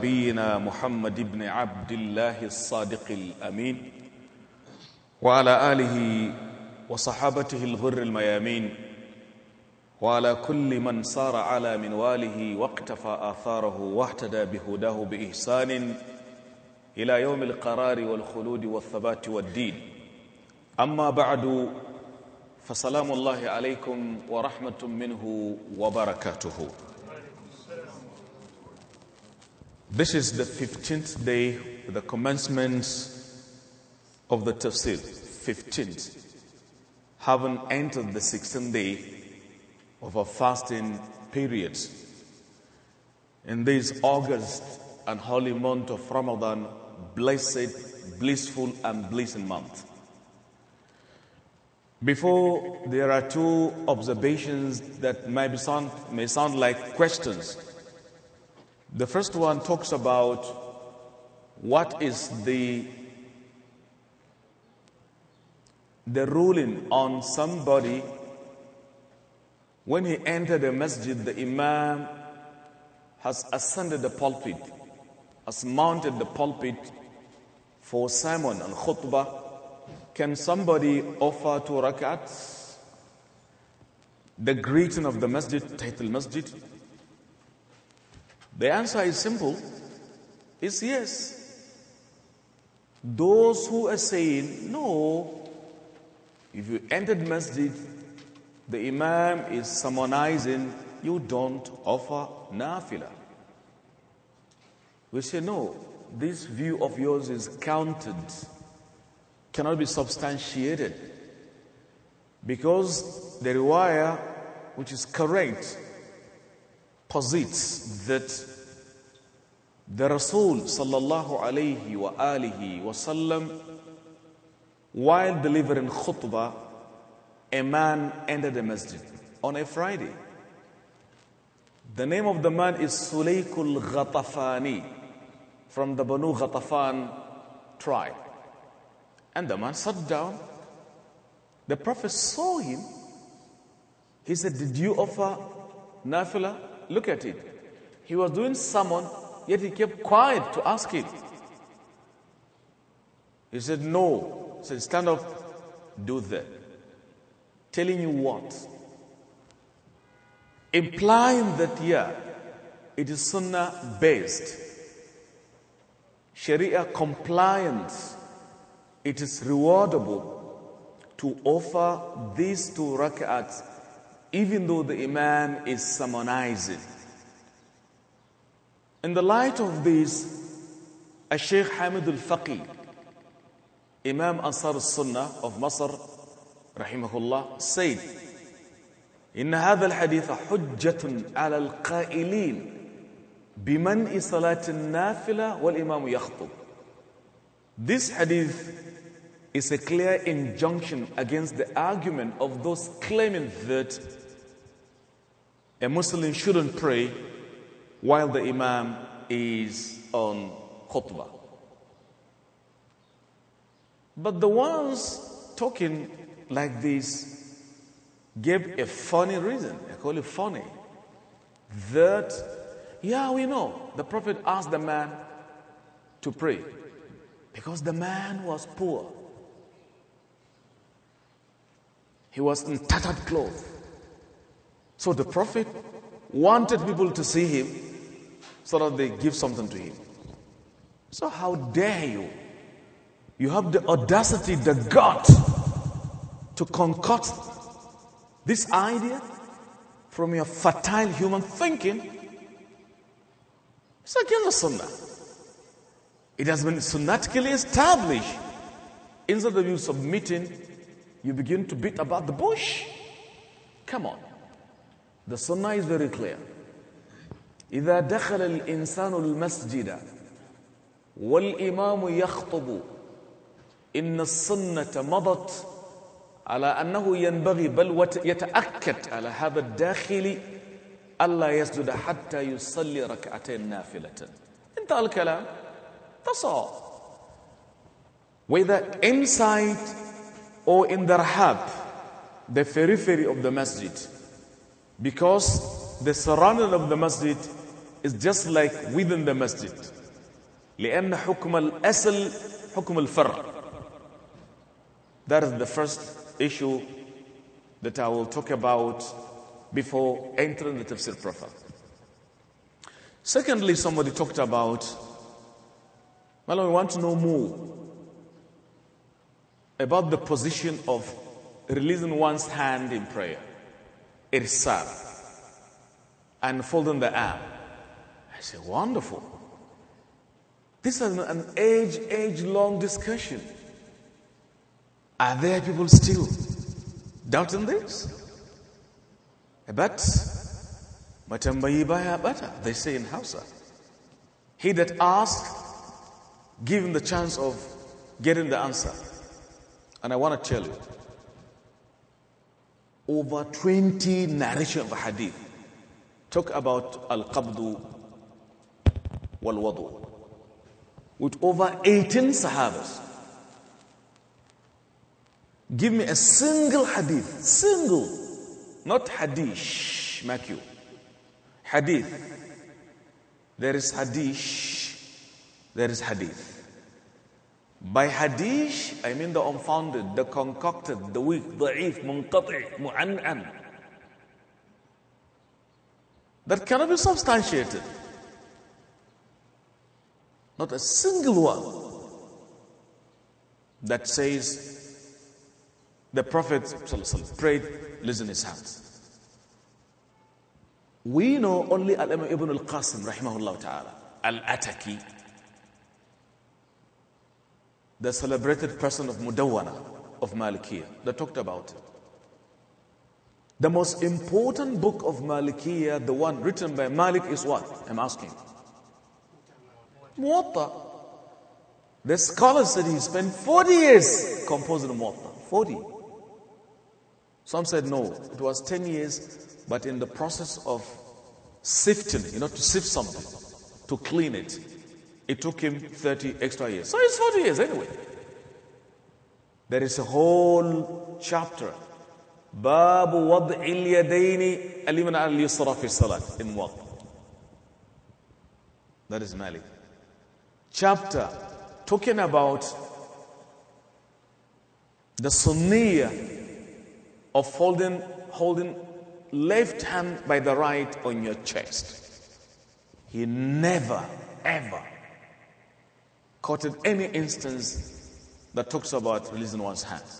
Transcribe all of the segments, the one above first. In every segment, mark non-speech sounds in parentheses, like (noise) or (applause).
نبينا محمد بن عبد الله الصادق الامين وعلى اله وصحابته الغر الميامين وعلى كل من صار على منواله واقتفى اثاره واهتدى بهداه باحسان الى يوم القرار والخلود والثبات والدين اما بعد فسلام الله عليكم ورحمه منه وبركاته This is the 15th day, the commencement of the tafsir. 15th. Having entered the 16th day of our fasting period. In this August and holy month of Ramadan, blessed, blissful, and blessing month. Before there are two observations that may, sound, may sound like questions the first one talks about what is the the ruling on somebody when he entered the masjid the imam has ascended the pulpit has mounted the pulpit for sermon and khutbah can somebody offer two rakats the greeting of the masjid title masjid the answer is simple it's yes. Those who are saying, no, if you entered masjid, the imam is sermonizing, you don't offer nafila. We say, no, this view of yours is counted, cannot be substantiated. Because the riwayah, which is correct, posits that the Rasul sallallahu alayhi wa alihi wasallam, while delivering khutbah, a man entered the masjid on a Friday. The name of the man is Sulaykul Ghatafani from the Banu Ghatafan tribe. And the man sat down. The Prophet saw him. He said, Did you offer nafila? Look at it. He was doing someone, yet he kept quiet to ask it. He said, No. He said, Stand up, do that. Telling you what? Implying that, yeah, it is sunnah based, sharia compliant, it is rewardable to offer these two rak'ats even though the Imam is sermonizing. In the light of this, a Sheikh Hamid al Faqi, Imam Ansar al Sunnah of Masr, rahimahullah, said, إن هذا الحديث حجة على القائلين بمنع صلاة النافلة والإمام يخطب. This hadith is a clear injunction against the argument of those claiming that a Muslim shouldn't pray while the Imam is on khutbah. But the ones talking like this gave a funny reason. I call it funny. That, yeah, we know. The Prophet asked the man to pray because the man was poor. He was in tattered clothes. So the Prophet wanted people to see him so that they give something to him. So, how dare you? You have the audacity, the gut to concoct this idea from your fertile human thinking. It's against the Sunnah. It has been sunnatically established instead of you submitting you begin to beat about the bush. Come on. The sunnah is very clear. إذا دخل الإنسان المسجد والإمام يخطب إن السنة مضت على أنه ينبغي بل يتأكد على هذا الداخل ألا يسجد حتى يصلي ركعتين نافلة انتهى الكلام That's all. Whether inside or in the rahab, the periphery of the masjid. Because the surrounding of the masjid is just like within the masjid. لأن حكم الأصل حكم الفرع. That is the first issue that I will talk about before entering the tafsir proper. Secondly, somebody talked about, well, we want to know more about the position of releasing one's hand in prayer, irsal, and folding the arm. I say, wonderful. This is an age, age long discussion. Are there people still doubting this? But bata, they say in Hausa. He that asks, give him the chance of getting the answer. And I want to tell you, over 20 narration of hadith talk about al-qabdu wal-wadu with over 18 sahabas. Give me a single hadith, single, not hadith, mark you. Hadith. There is hadith, there is hadith. By hadith, I mean the unfounded, the concocted, the weak, the if, munqati, mu'an'an. That cannot be substantiated. Not a single one that says the Prophet prayed, listen his hands. We know only Al Imam Ibn al Qasim, rahimahullah ta'ala, Al Ataki, the celebrated person of Mudawana of Malikiya. They talked about it. The most important book of Malikiya, the one written by Malik, is what? I'm asking. Muwatta. The scholars said he spent 40 years composing Muwatta. 40. Some said no, it was 10 years, but in the process of sifting, you know, to sift something, to clean it, it took him 30 extra years. So it's 40 years anyway. There is a whole chapter. باب وضع اليدين اليمنى على اليسرى في Salat," in what? That is Malik. Chapter talking about the sunnah of holding, holding left hand by the right on your chest. He never, ever quoted any instance that talks about releasing one's hand.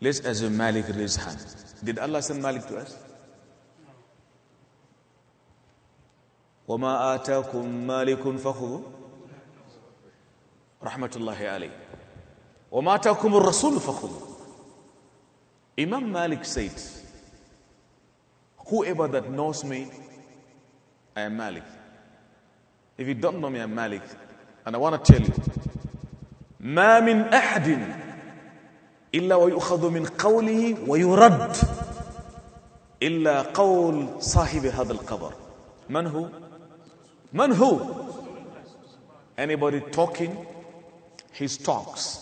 Let's assume Malik released hand. Did Allah send Malik to us? وما آتاكم مالك فخذوا رحمة الله عليه وما آتاكم الرسول فخذوا Imam Malik said whoever that knows me I am Malik if you don't know me I'm Malik and I want to tell you, ما من أحد إلا ويؤخذ من قوله ويرد إلا قول صاحب هذا القبر من هو؟ من هو؟ Anybody talking? His talks,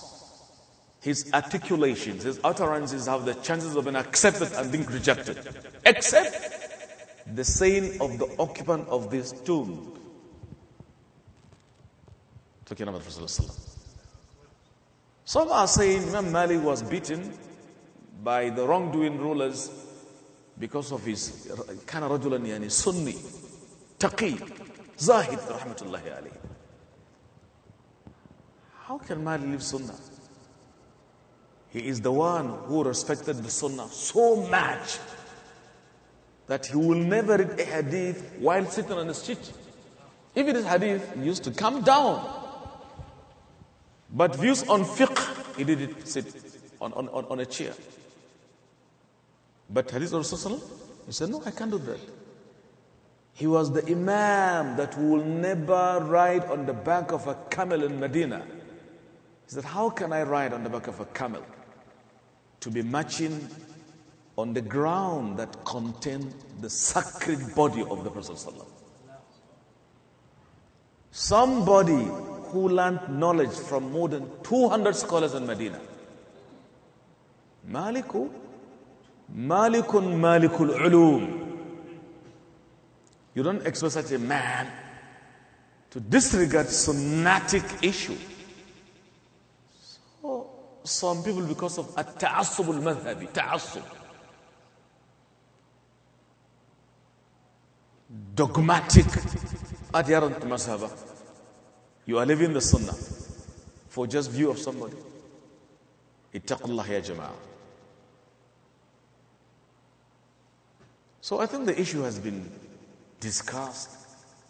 his articulations, his utterances have the chances of being accepted and being rejected. Except the saying of the occupant of this tomb talking about Rasulullah. Some are saying Imam Malik was beaten by the wrongdoing rulers because of his kind of rajulan yani sunni, taqi, zahid, rahmatullahi alayhi. How can Malik leave sunnah? He is the one who respected the sunnah so much that he will never read a hadith while sitting on the street. If it is hadith, he used to come down but views on fiqh, he did it sit on, on, on a chair. But Hadith of Rasulullah, he said, No, I can't do that. He was the Imam that will never ride on the back of a camel in Medina. He said, How can I ride on the back of a camel? To be marching on the ground that contained the sacred body of the Prophet. Somebody who learned knowledge from more than 200 scholars in Medina. Maliku, Malikun Malikul Ulum. You don't expect such a man to disregard somatic issue. So, some people, because of at-ta'assub al-madhabi, ta'assub, dogmatic adherent to mazhaba, you are living the sunnah for just view of somebody. Ittaqullah ya jama'ah. So I think the issue has been discussed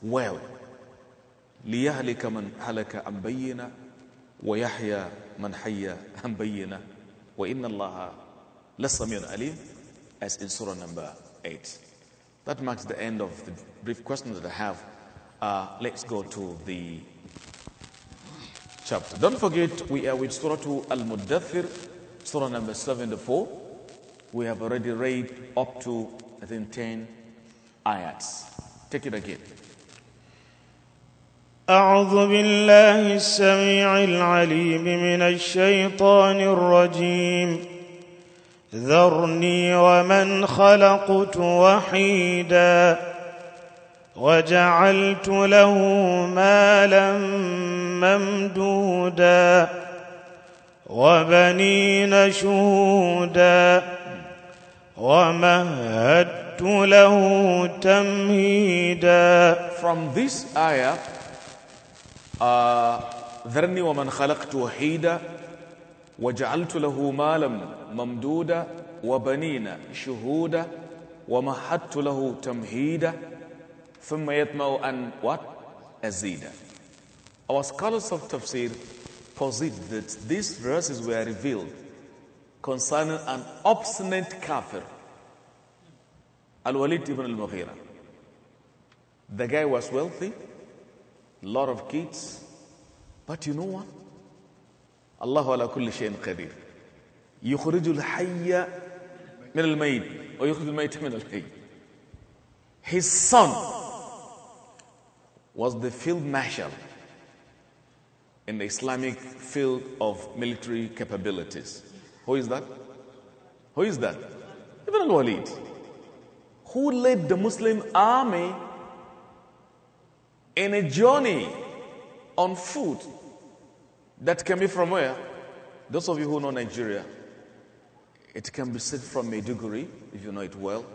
well. ليهلك من هلك عن بينه ويحيى من حي عن بينه وإن الله لسميع عليم as in surah number 8. That marks the end of the brief questions that I have. Uh, let's go to the chapter. Don't forget, we are with Surah Al Muddathir, Surah number 74. We have already read up to, I think, 10 ayats. Take it again. أعوذ بالله السميع العليم من الشيطان الرجيم ذرني ومن خلقت وحيداً وجعلت له مالا ممدودا وبنين شهودا ومهدت له تمهيدا From this ayah آه، ذرني ومن خلقت وحيدا وجعلت له مالا ممدودا وبنين شهودا ومهدت له تمهيدا ثم يطمع and what? Azida. Our scholars of tafsir posit that these verses were revealed concerning an obstinate kafir, Al-Walid ibn al-Mughira. The guy was wealthy, lot of kids, but you know what? الله على kulli shayin قدير يخرج الحي من الميت ويخرج الميت من الحي his son was the field marshal in the Islamic field of military capabilities. Who is that? Who is that? Ibn al Walid, who led the Muslim army in a journey on foot that can be from where? Those of you who know Nigeria, it can be said from Maiduguri, if you know it well,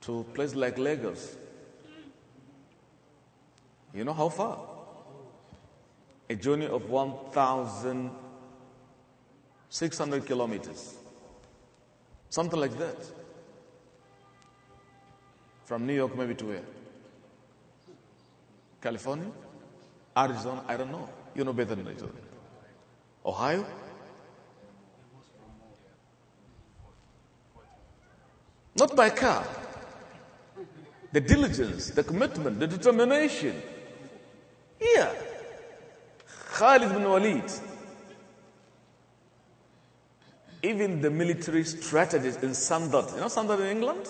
to places like Lagos, you know how far? A journey of 1,600 kilometers. Something like that. From New York, maybe to where? California? Arizona? I don't know. You know better than I do. Ohio? Not by car. The diligence, the commitment, the determination. Here, Khalid bin Walid. Even the military strategists in Sandot, you know Sandot in England?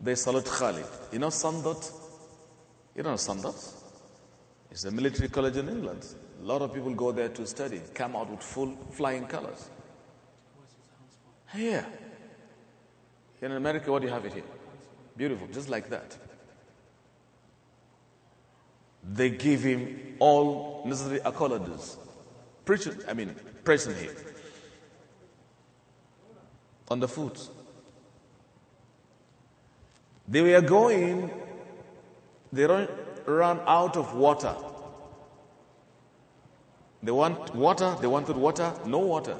They salute Khalid. You know Sandot? You don't know Sandot? It's a military college in England. A lot of people go there to study, come out with full flying colors. Here. Yeah. In America, what do you have it here? Beautiful, just like that they give him all necessary accolades. Preaching, I mean, praising him. On the foot. They were going, they ran out of water. They want water, they wanted water, no water.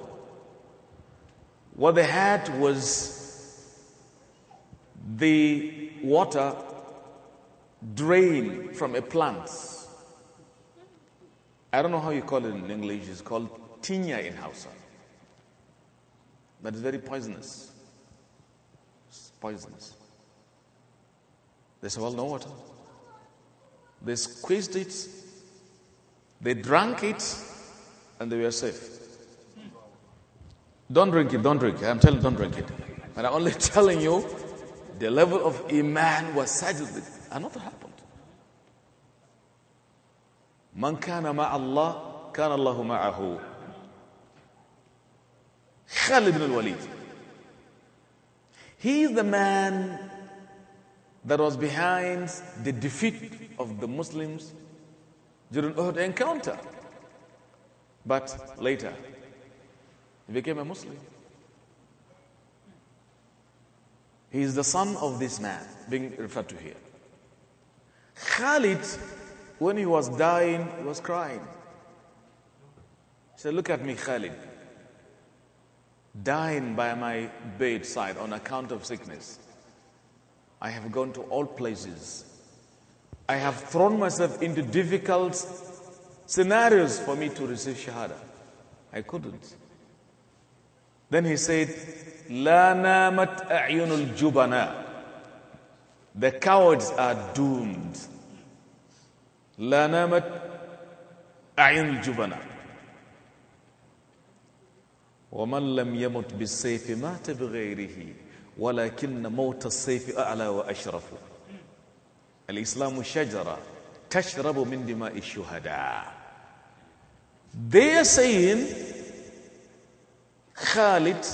What they had was the water drain from a plant. I don't know how you call it in English, it's called tinya in Hausa. That is very poisonous. It's poisonous. They said, Well, no water. They squeezed it, they drank it, and they were safe. Don't drink it, don't drink it. I'm telling you, don't drink it. And I'm only (laughs) telling you, the level of Iman was settled. with and nothing happened. من كان مع الله كان الله معه Khalid ibn al-Walid he is the man that was behind the defeat of the Muslims during Uhud encounter but later he became a Muslim he is the son of this man being referred to here Khalid, when he was dying, was crying. He said, Look at me, Khalid, dying by my bedside on account of sickness. I have gone to all places. I have thrown myself into difficult scenarios for me to receive Shahada. I couldn't. Then he said, La namat a'yunul jubāna." The cowards are doomed. لا نامت أعين الجبناء ومن لم يمت بالسيف مات بغيره ولكن موت السيف أعلى وأشرف الإسلام شجرة تشرب من دماء الشهداء They are saying Khalid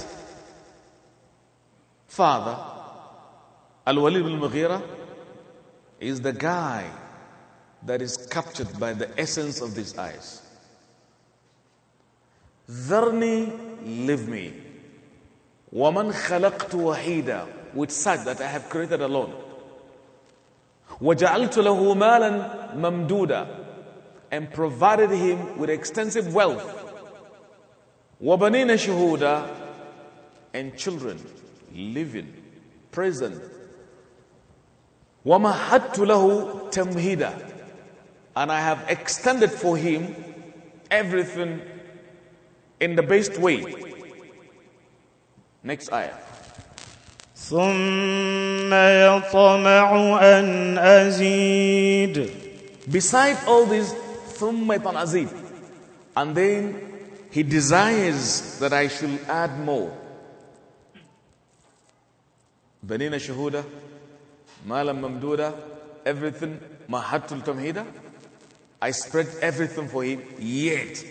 father Al-Walid al-Mughira is the guy that is captured by the essence of these eyes. Dharni, leave me. Waman khalaqtu wahida, which said that I have created alone. وَجَعَلْتُ لَهُ مَالًا مَمْدُودًا And provided him with extensive wealth. وَبَنِينَ شُهُودًا And children, living, present, وَمَهَدْتُ لَهُ And I have extended for him everything in the best way. Next ayah. ثم يطمع أن أزيد Beside all this, ثم يطمع أزيد And then he desires that I should add more. بنينا شهوده Malam Mamduda, everything, Mahatul Tamhida. I spread everything for him, yet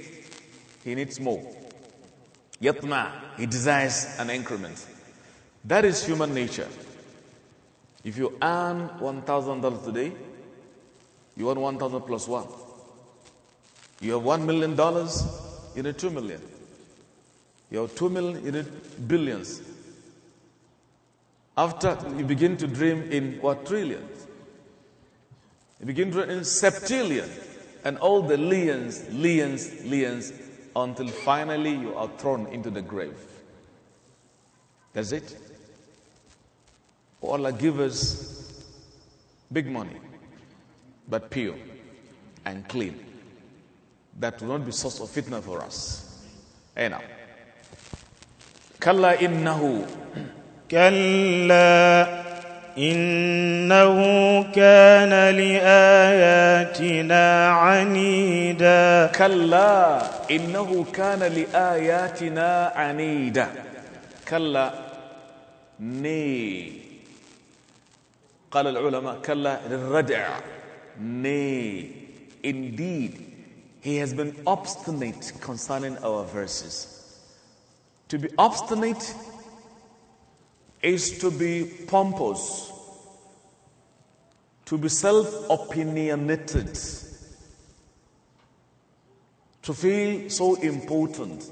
he needs more. Yatma, he desires an increment. That is human nature. If you earn $1,000 today, you earn 1,000 plus 1. You have $1 million, you need 2 million. You have 2 million, you need billions. After you begin to dream in quadrillions, you begin to dream in septillion, and all the lions, lions, lions, until finally you are thrown into the grave. That's it. Allah, give us big money, but pure and clean. That will not be source of fitna for us. Hey now. Kalla innahu. كلا انه كان لاياتنا عنيدا كلا انه كان لاياتنا عنيدا كلا ني قال العلماء كلا للردع ني indeed he has been obstinate concerning our verses to be obstinate is to be pompous, to be self opinionated, to feel so important.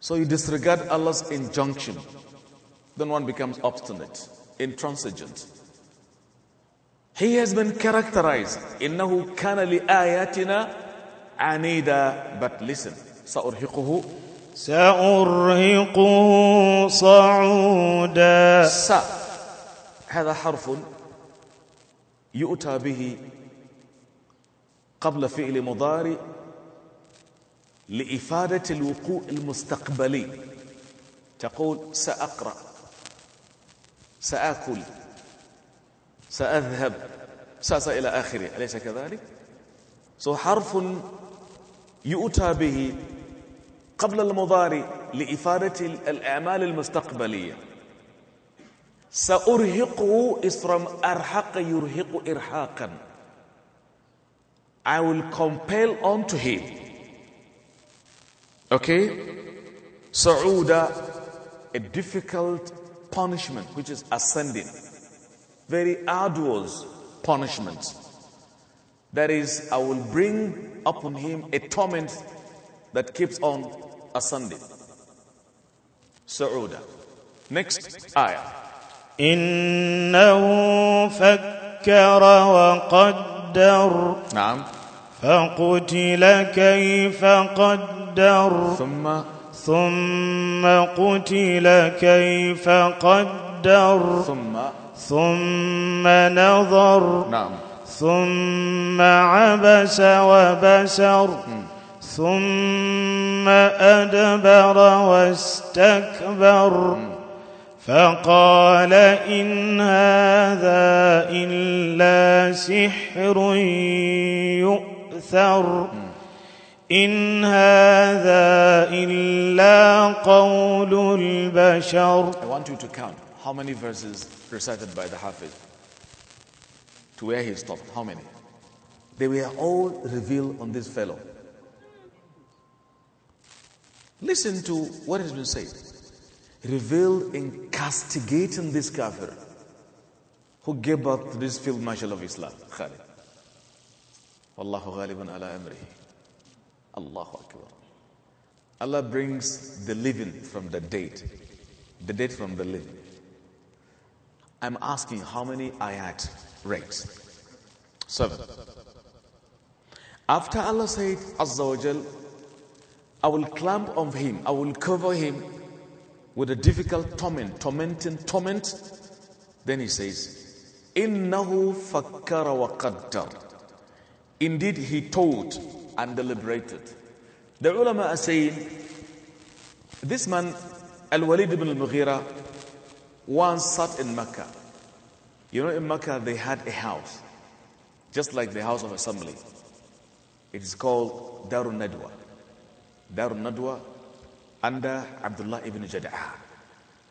So you disregard Allah's injunction. Then one becomes obstinate, intransigent. He has been characterized. Nahu كان ayyatina anida, But listen. سأرهقه سأرهقه صعودا س هذا حرف يؤتى به قبل فعل مضارع لإفادة الوقوع المستقبلي تقول سأقرأ سآكل سأذهب ساس إلى آخره أليس كذلك؟ سو حرف يؤتى به قبل المضارع لإفادة الأعمال المستقبلية سأرهقه is from أرهق يرهق إرهاقا I will compel to him okay Sauda a difficult punishment which is ascending very arduous punishment that is I will bring upon him a torment that keeps on أصندد سعودا Next آية إنه فكر وقدر نعم فقتل كيف قدر ثم ثم قتل كيف قدر ثم ثم نظر نعم ثم عبس وبسر م. ثم أدبر واستكبر فقال إن هذا إلا سحر يؤثر إن هذا إلا قول البشر I want you to count how many verses recited by the Hafiz to where he stopped how many they were all revealed on this fellow Listen to what has been said. Revealed in castigating this kafir who gave birth to this field marshal of Islam, Khalid. Wallahu ghaliban ala amrihi. Allahu Akbar. Allah brings the living from the dead, the dead from the living. I'm asking how many ayat read? Seven. After Allah said, Azza wa I will clamp on him, I will cover him with a difficult torment, tormenting torment. Then he says, Innahu fakkara wa qaddar. Indeed, he taught and deliberated. The ulama are saying, this man, Al-Walid ibn al-Mughira, once sat in Mecca. You know, in Mecca, they had a house, just like the house of assembly. It is called Darun Nadwa. Darun Nadwa under Abdullah ibn Jada'ah.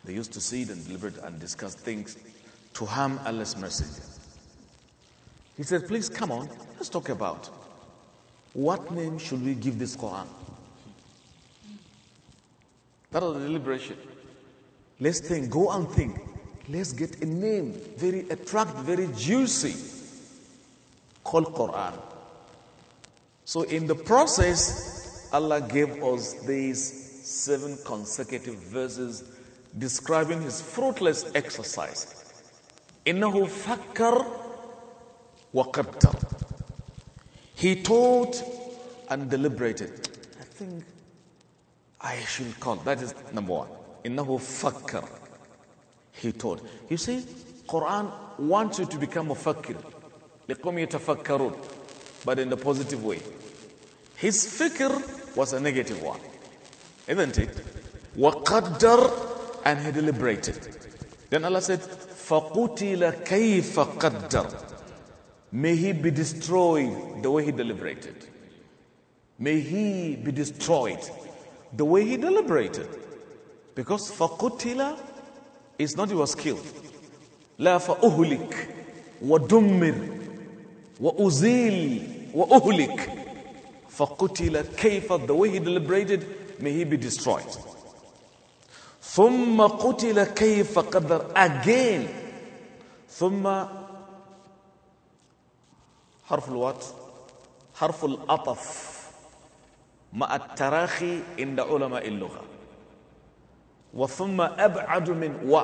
They used to sit and deliberate and discuss things to harm Allah's messenger. He said, Please come on, let's talk about what name should we give this Quran? That was a deliberation. Let's think, go and think. Let's get a name, very attractive, very juicy, called Quran. So, in the process, Allah gave us these seven consecutive verses describing his fruitless exercise. إنه fakkar وقدر. He taught and deliberated. I think I should call. That is number one. hu fakkar. He taught. You see, Quran wants you to become a fakir. لقوم يتفكرون. But in a positive way. His fikr was a negative one. Isn't it? وَقَدَّرْ And he deliberated. Then Allah said, فَقُتِلَ كَيْفَ قَدَّرْ May he be destroyed the way he deliberated. May he be destroyed the way he deliberated. Because فَقُتِلَ is not he was killed. لَا فَأُهْلِكْ وَدُمِّرْ وَأُزِيلْ وَأُهْلِكْ فَقُتِلَ كَيْفَ The way he deliberated, may he be destroyed. ثُمَّ قُتِلَ كَيْفَ قَدَّرْ Again. ثُمَّ حرف الوات حرف الأطف مع التراخي عند علماء اللغة وثم أبعد من و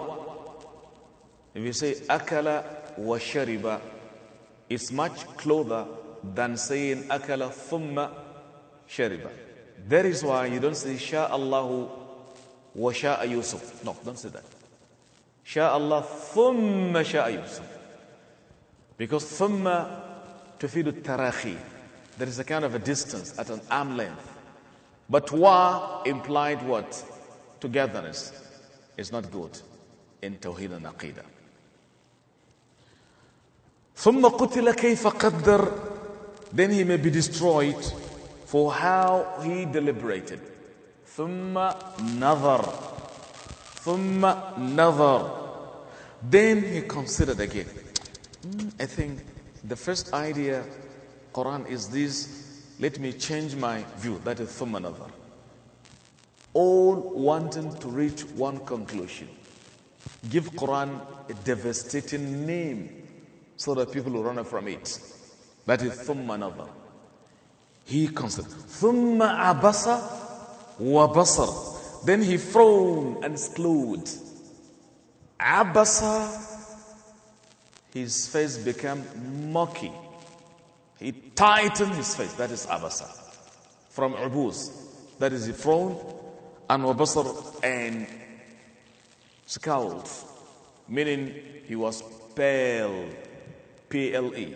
If you say أكل وشرب it's much closer than saying akala thumma shariba. That is why you don't say sha Allahu wa sha Yusuf. No, don't say that. Sha Allah thumma sha Yusuf. Because thumma tufidu tarakhi. There is a kind of a distance at an arm length. But wa implied what? Togetherness is not good in Tawheed and Aqidah. ثم قتل كيف قدر then he may be destroyed for how he deliberated. Thumma nazar, thumma nazar. then he considered again. Hmm, I think the first idea, Quran is this. Let me change my view. That is thumma nazar. All wanting to reach one conclusion. Give Quran a devastating name so that people will run away from it. That is thumma nazar. He considered. Thumma abasa wa basar. Then he frowned and slowed. Abasa, his face became murky. He tightened his face. That is abasa. From abuz. That is he frowned and wa basar and scowled. Meaning he was pale. P-L-E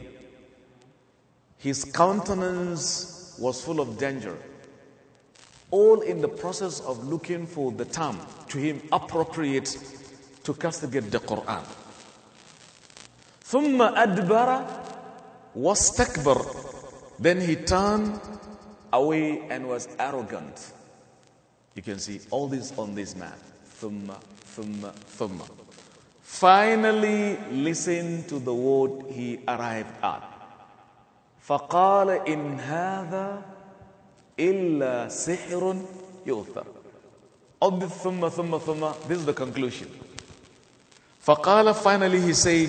his countenance was full of danger, all in the process of looking for the term to him appropriate to castigate the Quran. ثم أدبر واستكبر then he turned away and was arrogant. You can see all this on this man. ثم ثم ثم. Finally, listen to the word he arrived at. فقال إن هذا إلا سحر يؤثر أب ثم ثم ثم this is the conclusion فقال finally he said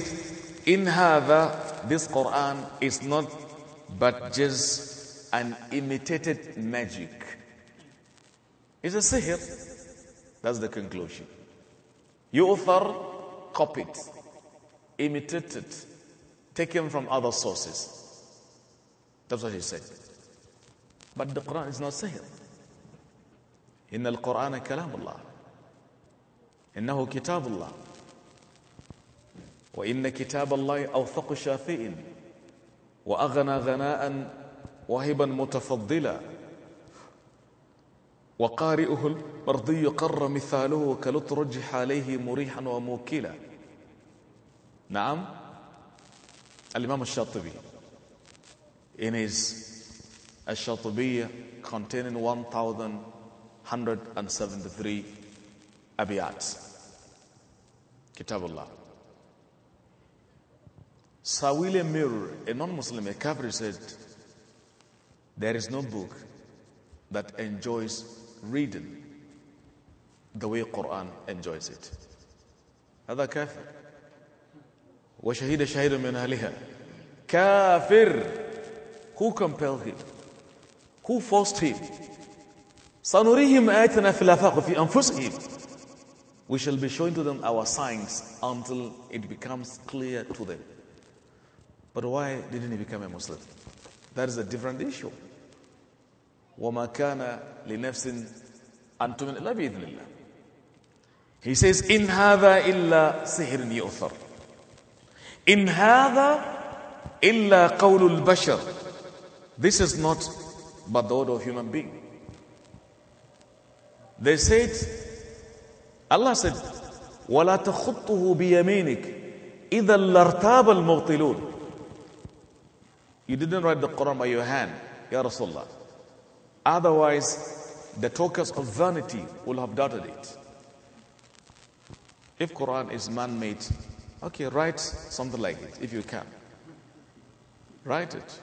in هذا this Quran is not but just an imitated magic it's a sihr that's the conclusion يؤثر copied imitated taken from other sources That's what he said. But the Quran is not sihr. إن القرآن كلام الله إنه كتاب الله وإن كتاب الله أوثق شافئ وأغنى غناء وهبا متفضلا وقارئه المرضي قر مثاله كلترجح عليه مريحا وموكلا نعم الإمام الشاطبي in his Ash-Shatubiyya containing 1,173 abiyats. Kitabullah. Sir William Mirror, a non-Muslim, a Kafir said, there is no book that enjoys reading the way Quran enjoys it. هذا كافر وشهيد شهيد من أهلها كافر who compelled him? Who forced him? سنريهم في الآفاق في أنفسهم We shall be showing to them our signs until it becomes clear to them. But why didn't he become a Muslim? That is a different issue. وما كان لنفس أن إلا بإذن He says, إن هذا إلا سحر يؤثر. إن هذا إلا قول البشر. This is not but the order of human being. They said, Allah said, وَلَا تَخُطُّهُ بِيَمِينِكَ إِذَا لَارْتَابَ الْمُبْطِلُونَ You didn't write the Quran by your hand, Ya Rasulullah. Otherwise, the talkers of vanity will have doubted it. If Quran is man-made, okay, write something like it if you can. Write it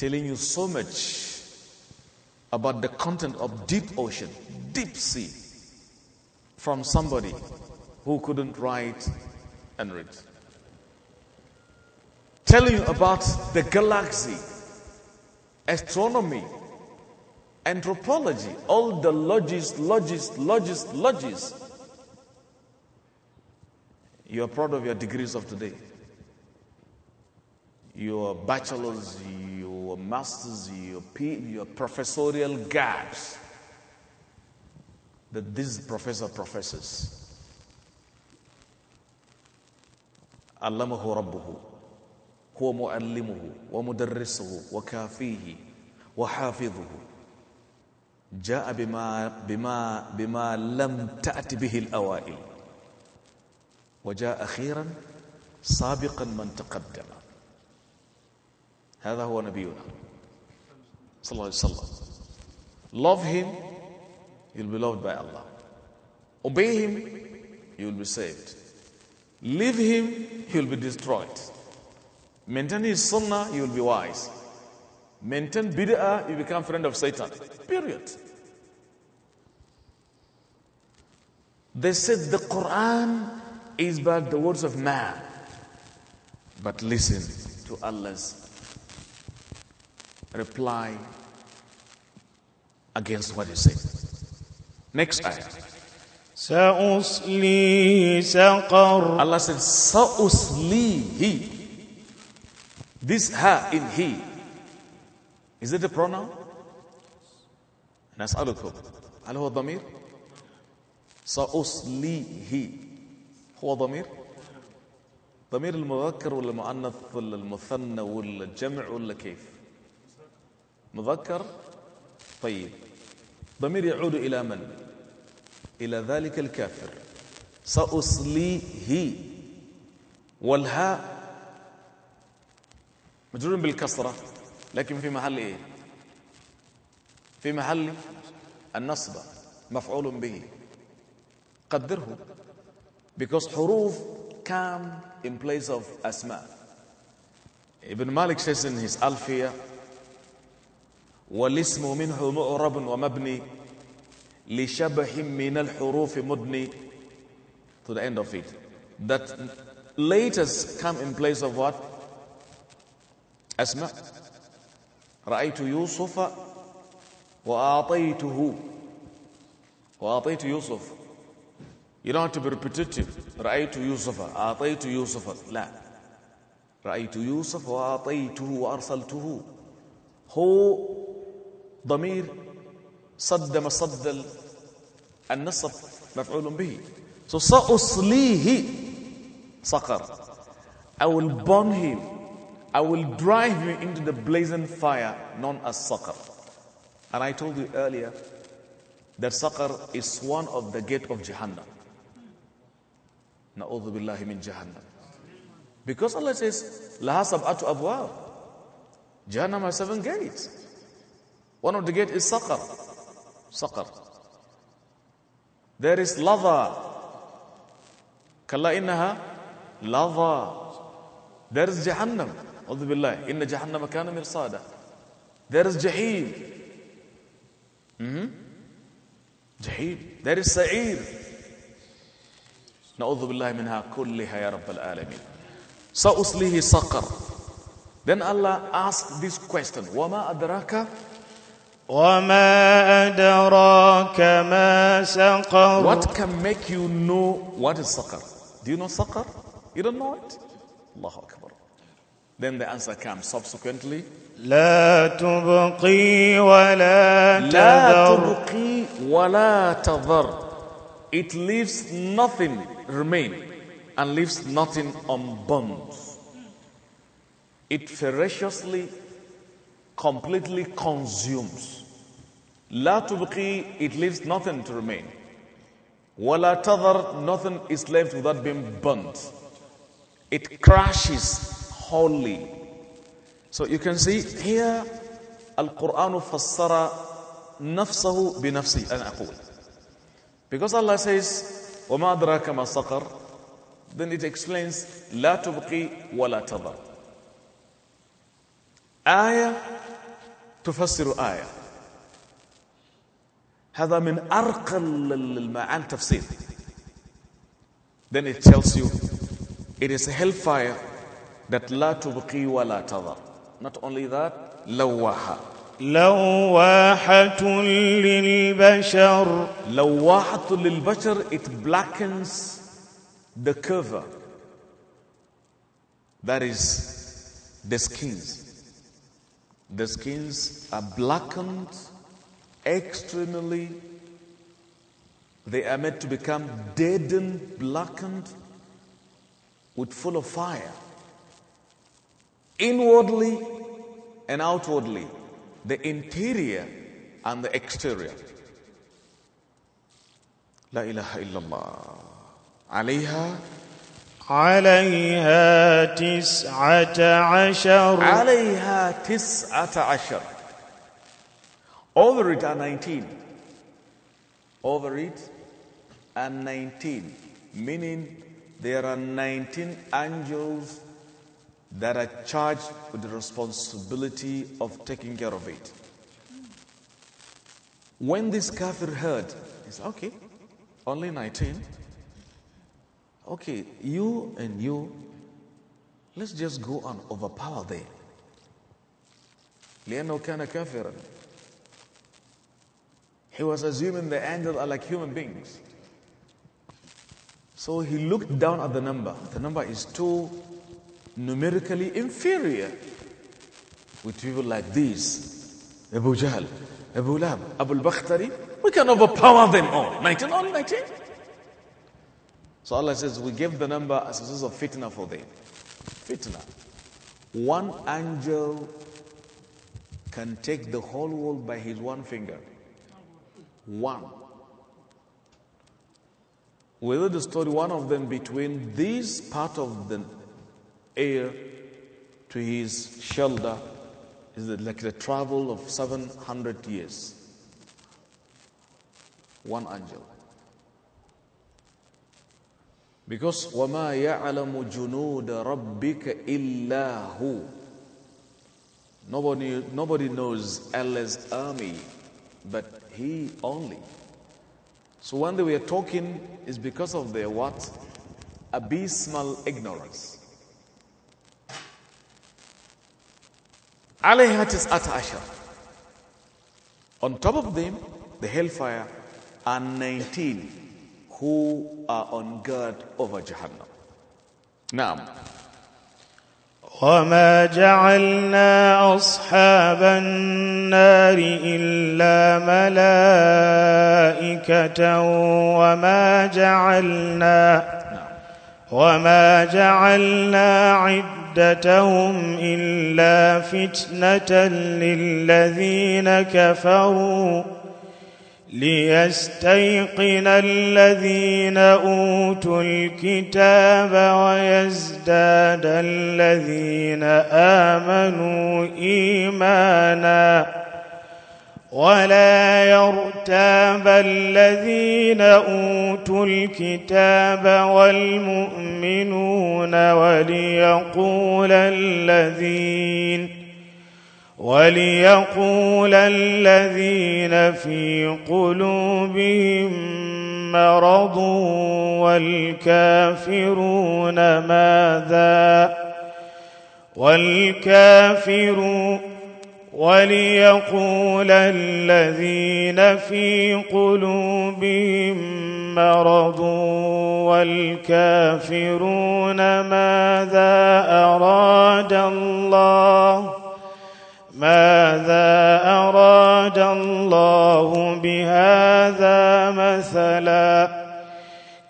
telling you so much about the content of deep ocean, deep sea, from somebody who couldn't write and read. Telling you about the galaxy, astronomy, anthropology, all the logis, logis, logis, logis. You are proud of your degrees of today. Your bachelor's, masters, your, your professorial gaps that this professor professes. علمه ربه هو معلمه ومدرسه وكافيه وحافظه جاء بما بما بما لم تأت به الأوائل وجاء أخيرا سابقا من تقدم هذا هو نبينا صلى الله عليه وسلم love him you'll be loved by Allah obey him you'll be saved leave him he will be destroyed maintain his sunnah you'll be wise maintain bid'ah you become friend of Satan period they said the Quran is but the words of man but listen to Allah's reply against what he said. Next ayah. سأصليه سقر Allah said سأصليه This her in he Is it a pronoun? نسألكم هل هو ضمير؟ سأصليه هو ضمير؟ ضمير المذكر ولا المؤنث ولا المثنى ولا الجمع ولا كيف؟ مذكر طيب ضمير يعود إلى من إلى ذلك الكافر سأصليه والهاء مجرور بالكسرة لكن في محل إيه في محل النصب مفعول به قدره because حروف come in place of أسماء ابن مالك says in his Alfiya والاسم منه مؤرب ومبني لشبه من الحروف مدني to the end of it that latest come in place of what أسمع رأيت يوسف وأعطيته وأعطيت يوسف You don't have to be repetitive. رأيت يوسف أعطيت يوسف لا رأيت يوسف وأعطيته وأرسلته هو ضمير صدم صد النصب مفعول به so سأصليه صقر I will burn him I will drive him into the blazing fire known as Saqar. And I told you earlier that Saqar is one of the gate of Jahannam. Na'udhu بالله من Jahannam. Because Allah says, Laha sab'atu أبواب Jahannam has seven gates. One of the gate is Saqar. Saqar. There is lava. Kalla innaha lava. There is Jahannam. A'udhu billah. Inna Jahannam kana mirsada. There is Jahim. Mm-hmm. Jahim. There is Sa'ir. نعوذ بالله منها كلها يا رب العالمين سأصليه سقر then Allah asked this question وما أدراك وما أدراك ما سقر What can make you know what is سقر? Do you know سقر? You don't know it? الله أكبر. Then the answer comes subsequently. لا تبقي ولا تذر. لا تبقي ولا تذر. It leaves nothing remain and leaves nothing unbound. It ferociously, completely consumes. La tubqi, it leaves nothing to remain. Wala tadhar, nothing is left without being burnt. It crashes wholly. So you can see here, Al-Quran fassara nafsahu binafsi, and aqul. Because Allah says, وَمَا أَدْرَاكَ مَا سَقَرَ Then it explains, لَا تُبْقِي وَلَا تَضَرْ Ayah تفسر آية هذا من أرقى المعاني تفسير then it tells you it is a hellfire that لا تبقي ولا تضر not only that لواحة لواحة للبشر لواحة للبشر it blackens the cover that is the skins the skins are blackened Externally, they are meant to become deadened, blackened, with full of fire. Inwardly and outwardly, the interior and the exterior. لا إله إلا الله عليها عليها تسعة عشر عليها تسعة عشر over it are 19. Over it are 19, meaning there are 19 angels that are charged with the responsibility of taking care of it. When this kafir heard, he said, okay, only 19. Okay, you and you, let's just go and overpower them. He was assuming the angels are like human beings. So he looked down at the number. The number is too numerically inferior with people like these Abu Jahl, Abu Lab, Abu Bakhtari. We can overpower them all. 19, all 19. So Allah says, We gave the number as a source of fitna for them. Fitna. One angel can take the whole world by his one finger. One. We read the story, one of them between this part of the air to his shoulder is like the travel of 700 years. One angel. Because وَمَا يَعْلَمُ جُنُودَ رَبِّكَ إِلَّا هُوَ Nobody, nobody knows Allah's army but he only. So when they were talking, is because of their what? Abysmal ignorance. Alayhatis Atashar. On top of them, the hellfire are 19 who are on guard over Jahannam. Now, وما جعلنا اصحاب النار الا ملائكه وما جعلنا وما جعلنا عدتهم الا فتنه للذين كفروا ليستيقن الذين اوتوا الكتاب ويزداد الذين امنوا ايمانا ولا يرتاب الذين اوتوا الكتاب والمؤمنون وليقول الذين وليقول الذين في قلوبهم مرض والكافرون ماذا والكافرون وليقول الذين في قلوبهم مرض والكافرون ماذا أراد الله ۖ ماذا أراد الله بهذا مثلا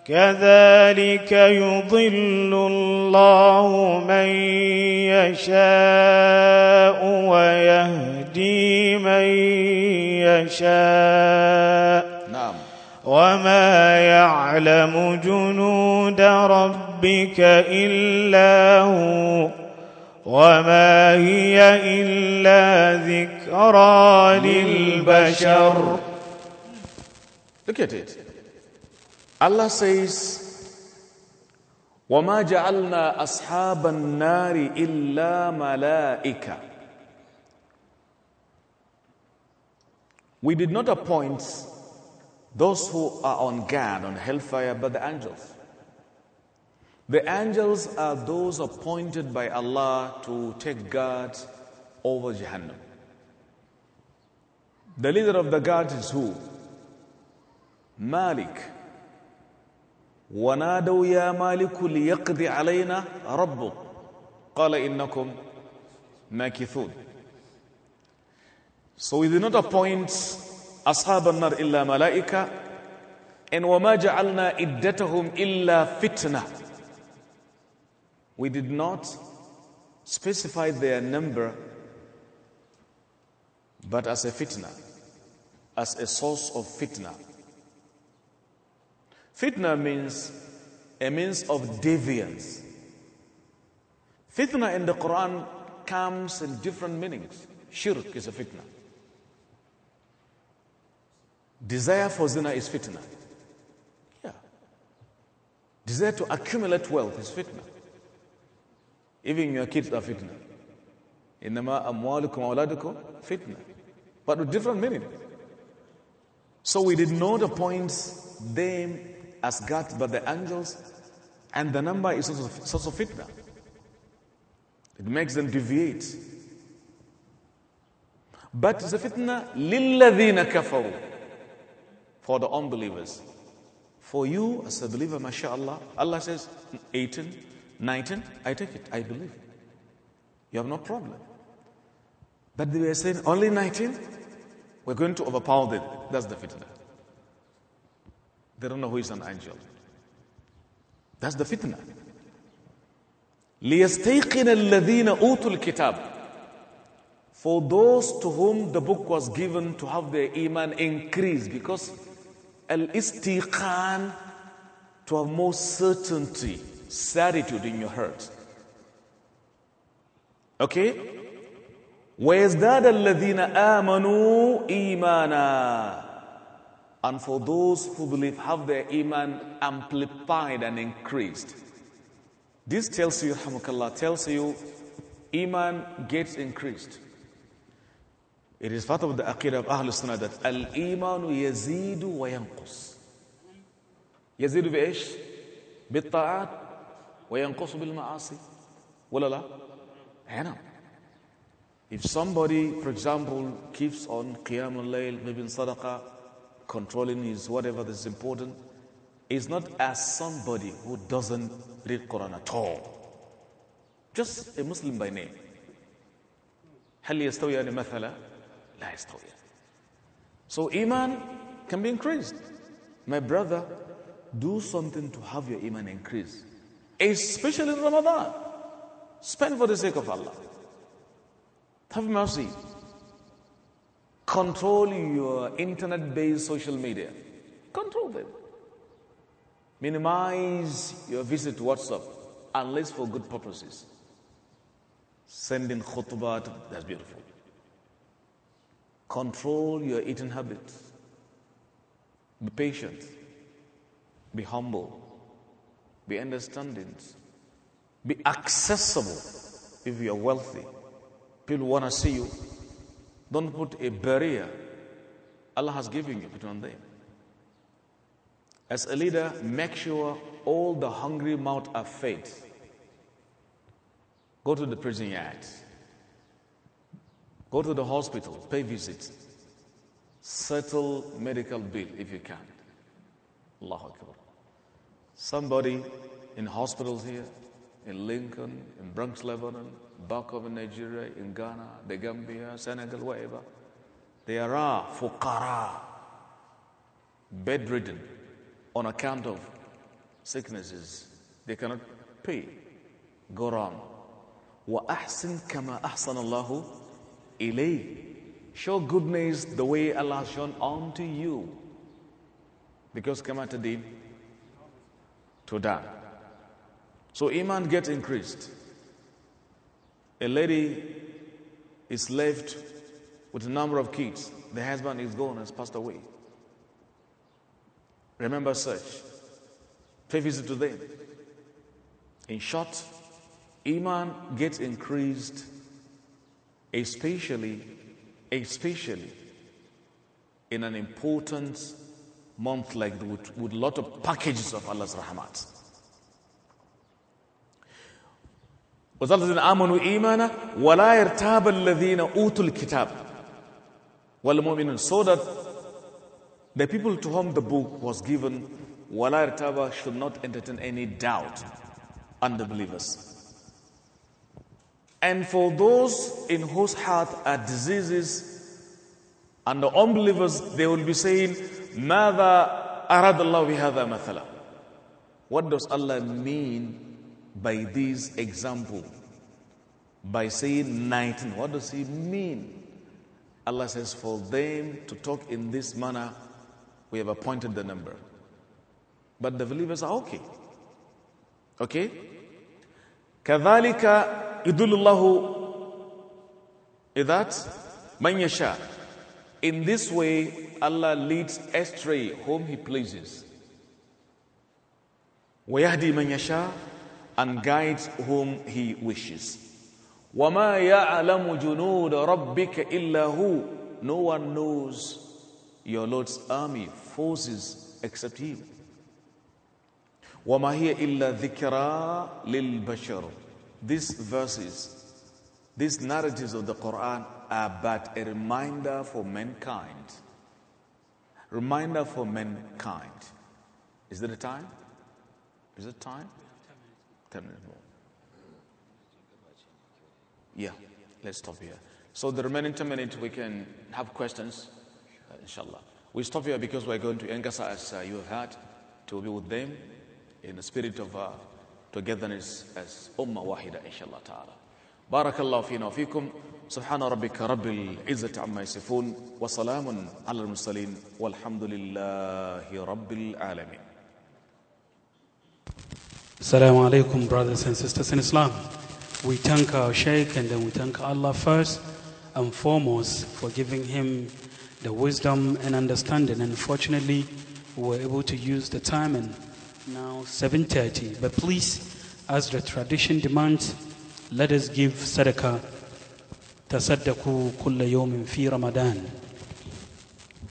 كذلك يضل الله من يشاء ويهدي من يشاء نعم وما يعلم جنود ربك إلا هو وما هي إلا ذكرى للبشر Look at it. Allah says, وما جعلنا أصحاب النار إلا ملائكة. We did not appoint those who are on guard on hellfire but the angels. The angels are those appointed by Allah to take guard over Jahannam. The leader of the guard is who? Malik. ونادوا يا مالك ليقضي علينا ربك قال إنكم ماكثون So we did not appoint أصحاب النار إلا ملائكة and وما جعلنا إدتهم إلا فتنة we did not specify their number, but as a fitna, as a source of fitna. Fitna means a means of deviance. Fitna in the Quran comes in different meanings. Shirk is a fitna. Desire for zina is fitna. Yeah. Desire to accumulate wealth is fitna. Even your kids are fitna. Innama amwalukum awladukum fitna. But with different meaning. So we did know the points, them as God, but the angels, and the number is also source of fitna. It makes them deviate. But the fitna lilladina kafaru for the unbelievers. For you as a believer, mashallah, Allah says 18. 19, I take it, I believe. You have no problem. But they were saying, only 19? We're going to overpower them. That's the fitna. They don't know who is an angel. That's the fitna. ليستيقن الذين أوتوا الكتاب For those to whom the book was given to have their iman increase because al-istiqan to have more certainty certitude in your heart. Okay? وَيَزْدَادَ الَّذِينَ آمَنُوا إِيمَانًا And for those who believe, have their iman amplified and increased. This tells you, Hamukallah, tells you, iman gets increased. It is part of the aqidah of Ahlul Sunnah that al-imanu yazidu wa yanqus. Yazidu bi'ish? ta'at. وينقص بالمعاصي ولا لا I If somebody, for example, keeps on Qiyam al-Layl, maybe in Sadaqah, controlling his whatever that's important, is not as somebody who doesn't read Quran at all. Just a Muslim by name. هل يستويان مثلا لا يستويان So iman can be increased. My brother, do something to have your iman increased especially in Ramadan. Spend for the sake of Allah. Have mercy. Control your internet based social media. Control them. Minimize your visit to WhatsApp unless for good purposes. Sending khutbah, that's beautiful. Control your eating habits. Be patient. Be humble be understanding, be accessible if you are wealthy. People want to see you. Don't put a barrier Allah has given you between them. As a leader, make sure all the hungry mouths are fed. Go to the prison yard. Go to the hospital, pay visits. Settle medical bill if you can. Allahu Akbar. Somebody in hospitals here, in Lincoln, in Bronx, Lebanon, Bakov in Nigeria, in Ghana, the Gambia, Senegal, wherever. There are fuqara, bedridden on account of sicknesses. They cannot pay. Go on. وَأَحْسِنْ كَمَا أَحْسَنَ اللَّهُ إِلَيْهِ Show goodness the way Allah has shown unto you. Because kama تَدِينَ to die. So Iman gets increased. A lady is left with a number of kids. The husband is gone, has passed away. Remember such. Pay visit to them. In short, Iman gets increased especially, especially in an important month like the, with, with lot of packages of Allah's rahmat. وَزَلَّذِينَ آمَنُوا إِيمَانًا وَلَا يَرْتَابَ الَّذِينَ أُوتُوا الْكِتَابَ وَالْمُؤْمِنُونَ So that the people to whom the book was given, وَلَا يَرْتَابَ should not entertain any doubt on the believers. And for those in whose heart are diseases and the unbelievers, they will be saying, ماذا أراد الله بهذا مثلا What does Allah mean by this example? By saying 19, what does he mean? Allah says, for them to talk in this manner, we have appointed the number. But the believers are okay. Okay? كذلك يدل الله إذا من يشاء in this way, Allah leads astray whom He pleases. وَيَهْدِي مَنْ يَشَاءُ And guides whom He wishes. وَمَا يَعْلَمُ جُنُودَ رَبِّكَ إِلَّا هُوَ No one knows your Lord's army, forces, except Him. وَمَا هِيَ إِلَّا ذِكْرَى لِلْبَشَرِ These verses, these narratives of the Quran uh, but a reminder for mankind. Reminder for mankind. Is there a time? Is it time? Ten minutes more. Yeah, let's stop here. So the remaining 10 minutes, we can have questions, uh, inshallah. We stop here because we're going to Engasa, as uh, you have heard, to be with them in the spirit of uh, togetherness as Ummah Wahida, inshallah ta'ala. بارك الله فينا وفيكم سبحان ربك رب العزة عما يصفون وسلام على المرسلين والحمد لله رب العالمين Assalamu alaikum, brothers and sisters in Islam. We thank our Shaykh and then we thank Allah first and foremost for giving him the wisdom and understanding. And fortunately, we were able to use the time and now 7.30. But please, as the tradition demands, let us give sadaqah tasaddaqu kulla yawmin fi Ramadan.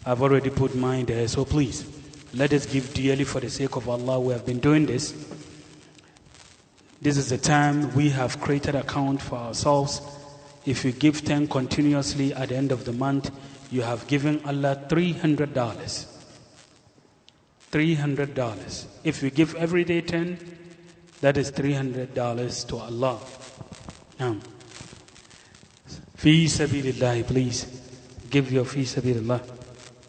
I've already put mine there, so please, let us give dearly for the sake of Allah. We have been doing this. This is the time we have created account for ourselves. If you give 10 continuously at the end of the month, you have given Allah $300. $300. If you give every day 10, that is $300 to Allah. Now, fi sabilillah, please give your fi sabilillah.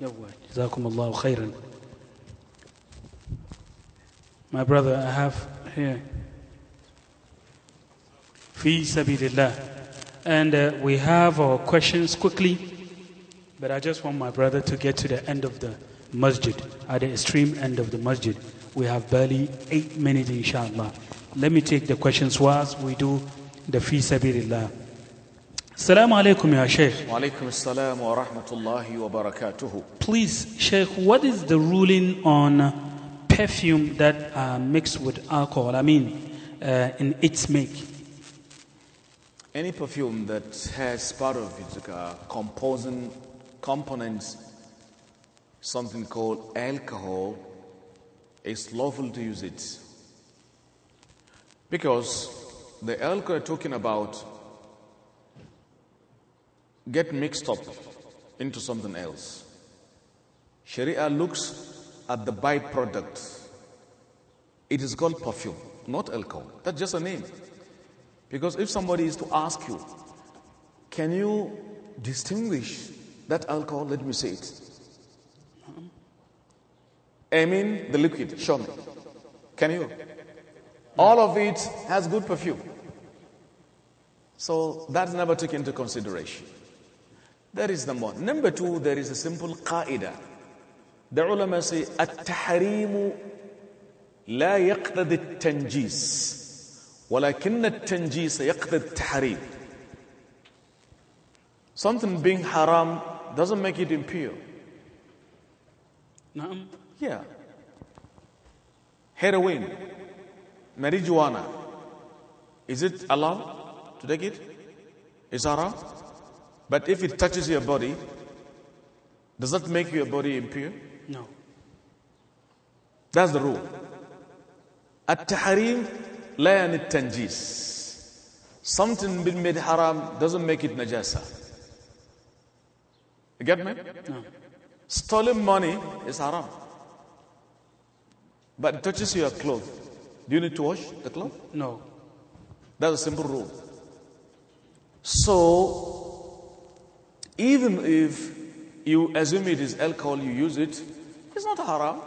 Yawwa, jazakum Allahu khairan. My brother, I have here fi sabilillah. And uh, we have our questions quickly, but I just want my brother to get to the end of the masjid, at the extreme end of the masjid. We have barely eight minutes, inshallah. Let me take the questions whilst we do the fee sabilillah Assalamu alaikum Sheikh. Wa wa rahmatullahi wa barakatuhu. Please, Sheikh, what is the ruling on perfume that are uh, mixed with alcohol? I mean, uh, in its make. Any perfume that has part of its uh, composing components, something called alcohol, is lawful to use it. Because the elk are talking about get mixed up into something else. Sharia looks at the byproduct. It is called perfume, not alcohol. That's just a name. Because if somebody is to ask you, can you distinguish that alcohol? Let me say it. I mean, the liquid, show me. Can you? All of it has good perfume. So that's never taken into consideration. That is number one. Number two, there is a simple qaida. The ulama say, التحريم لا يقتضي التنجيس ولكن التنجيس يقتضي التحريم. Something being haram doesn't make it impure. نعم. Yeah. Heroin marijuana, is it allowed to take it? Is haram? But if it touches your body, does that make your body impure? No. That's the rule. At-tahrim la yanit tanjis. Something been made haram doesn't make it najasa. You get me? No. Stolen money is haram. But it touches your clothes. Do you need to wash the cloth? No. That's a simple rule. So, even if you assume it is alcohol, you use it, it's not haram.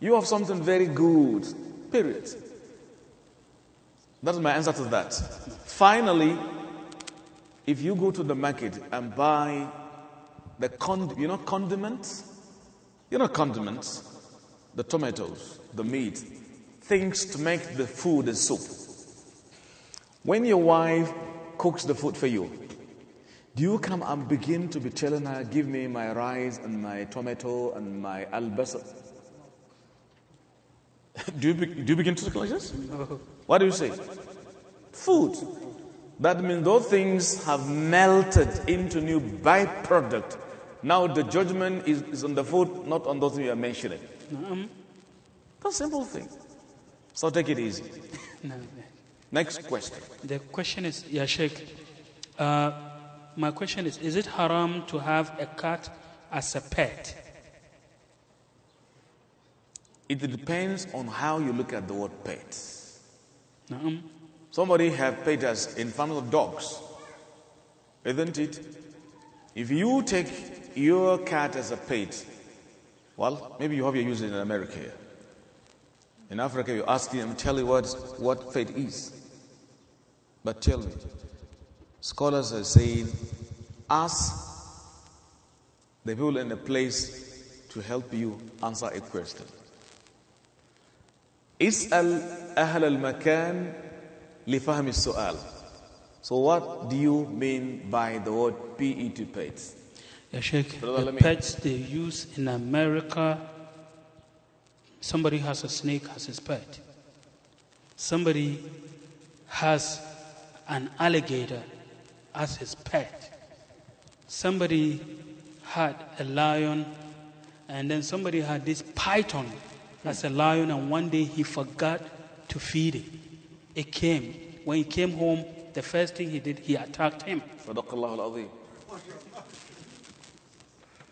You have something very good, period. That's my answer to that. Finally, if you go to the market and buy the cond- you know condiments, you know condiments, the tomatoes, the meat, things to make the food and soup. When your wife cooks the food for you, do you come and begin to be telling her, give me my rice and my tomato and my albasa? (laughs) do, you be, do you begin to talk like this? What do you say? Food. That means those things have melted into new byproduct. Now the judgment is, is on the food, not on those you are mentioning. Mm-hmm. That's a simple thing. So take it easy. (laughs) no. Next question. The question is, Yashik. Sheikh, uh, my question is, is it haram to have a cat as a pet? It depends on how you look at the word pet. No. Somebody have pet as in family of dogs, isn't it? If you take your cat as a pet, well, maybe you have your use in America here in Africa, you ask him, tell you what, what faith is. But tell me, scholars are saying, ask the people in the place to help you answer a question. اسأل أهل makan لفهم su'al? So what do you mean by the word PE to pets? Yeah, Sheikh, the pets they use in America Somebody has a snake as his pet. Somebody has an alligator as his pet. Somebody had a lion, and then somebody had this python as a lion, and one day he forgot to feed it. It came. When he came home, the first thing he did, he attacked him.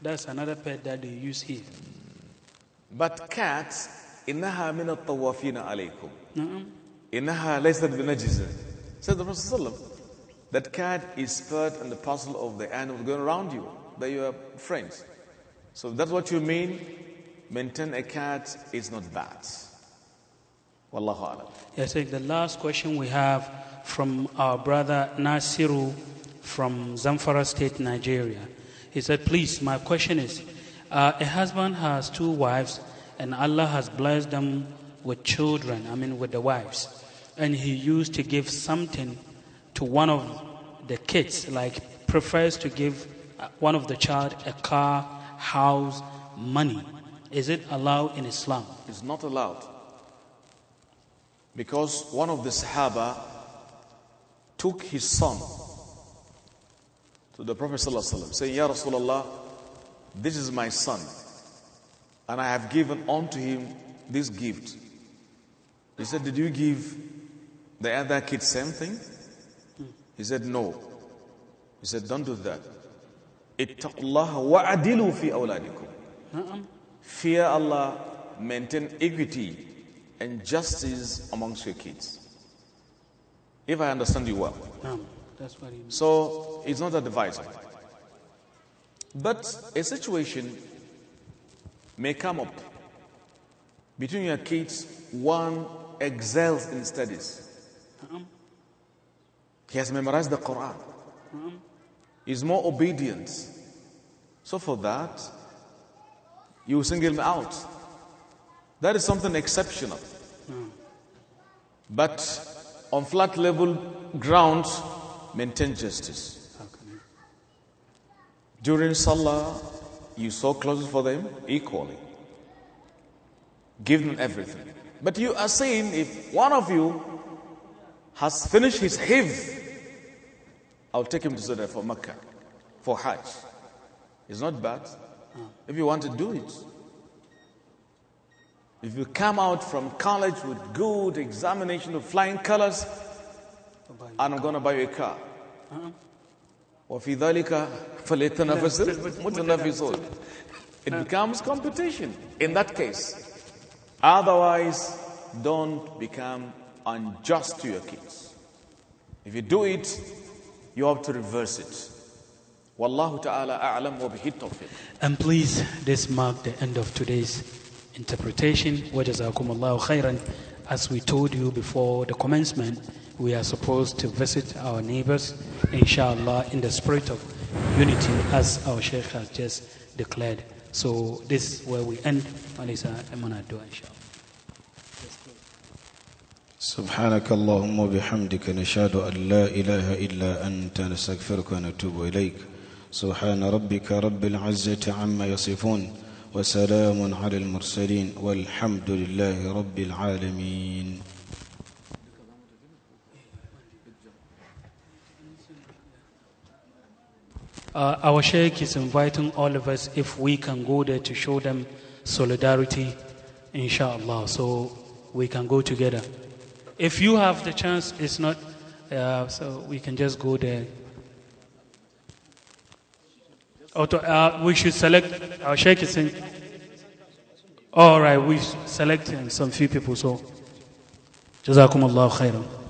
That's another pet that they use here. But cats, إِنَّهَا مِنَ الطَّوَّافِينَ عَلَيْكُمْ إِنَّهَا لَيْسَتْ بِنَجِزٍ Said the Prophet that cat is part and the parcel of the animal going around you. They are your friends. So that's what you mean. Maintain a cat is not bad. Wallahu alam. Yes, sir, the last question we have from our brother Nasiru from Zamfara State, Nigeria. He said, Please, my question is uh, a husband has two wives, and Allah has blessed them with children, I mean, with the wives. And he used to give something to one of the kids, like prefers to give uh, one of the child a car, house, money. Is it allowed in Islam? It's not allowed. Because one of the Sahaba took his son to the Prophet ﷺ, saying, Ya Rasulullah, this is my son, and I have given unto him this gift. He said, Did you give the other kid same thing? He said, No. He said, Don't do that. wa'adilu fi awladikum. Fear Allah, maintain equity and justice amongst your kids. If I understand you well. So it's not advisable. But a situation may come up between your kids, one excels in studies. He has memorized the Quran. He's more obedient. So for that, you single him out. That is something exceptional. But on flat level ground, maintain justice. During Salah, you saw clothes for them equally. Give them everything. But you are saying if one of you has finished his hiv, I'll take him to Jeddah for Mecca, for Hajj. It's not bad. If you want to do it. If you come out from college with good examination of flying colors, and I'm going to buy you a car. Uh-huh. وفي ذلك فليتنافس المتنافسون it becomes competition in that case otherwise don't become unjust to your kids if you do it you have to reverse it and please this mark the end of today's interpretation وجزاكم الله khairan, as we told you before the commencement we are supposed to visit our neighbors, inshallah, in the spirit of unity, as our Sheikh has just declared. So this is where we end. Alisa, I'm going to do inshallah. سبحانك اللهم وبحمدك نشهد أن لا إله إلا أنت نستغفرك ونتوب إليك سبحان ربك رب العزة عما يصفون وسلام على المرسلين والحمد لله رب العالمين Uh, our Sheikh is inviting all of us if we can go there to show them solidarity, inshallah, so we can go together. If you have the chance, it's not, uh, so we can just go there. Or to, uh, we should select, our Sheikh is in. All right, we select some few people, so. Jazakumullah khairan.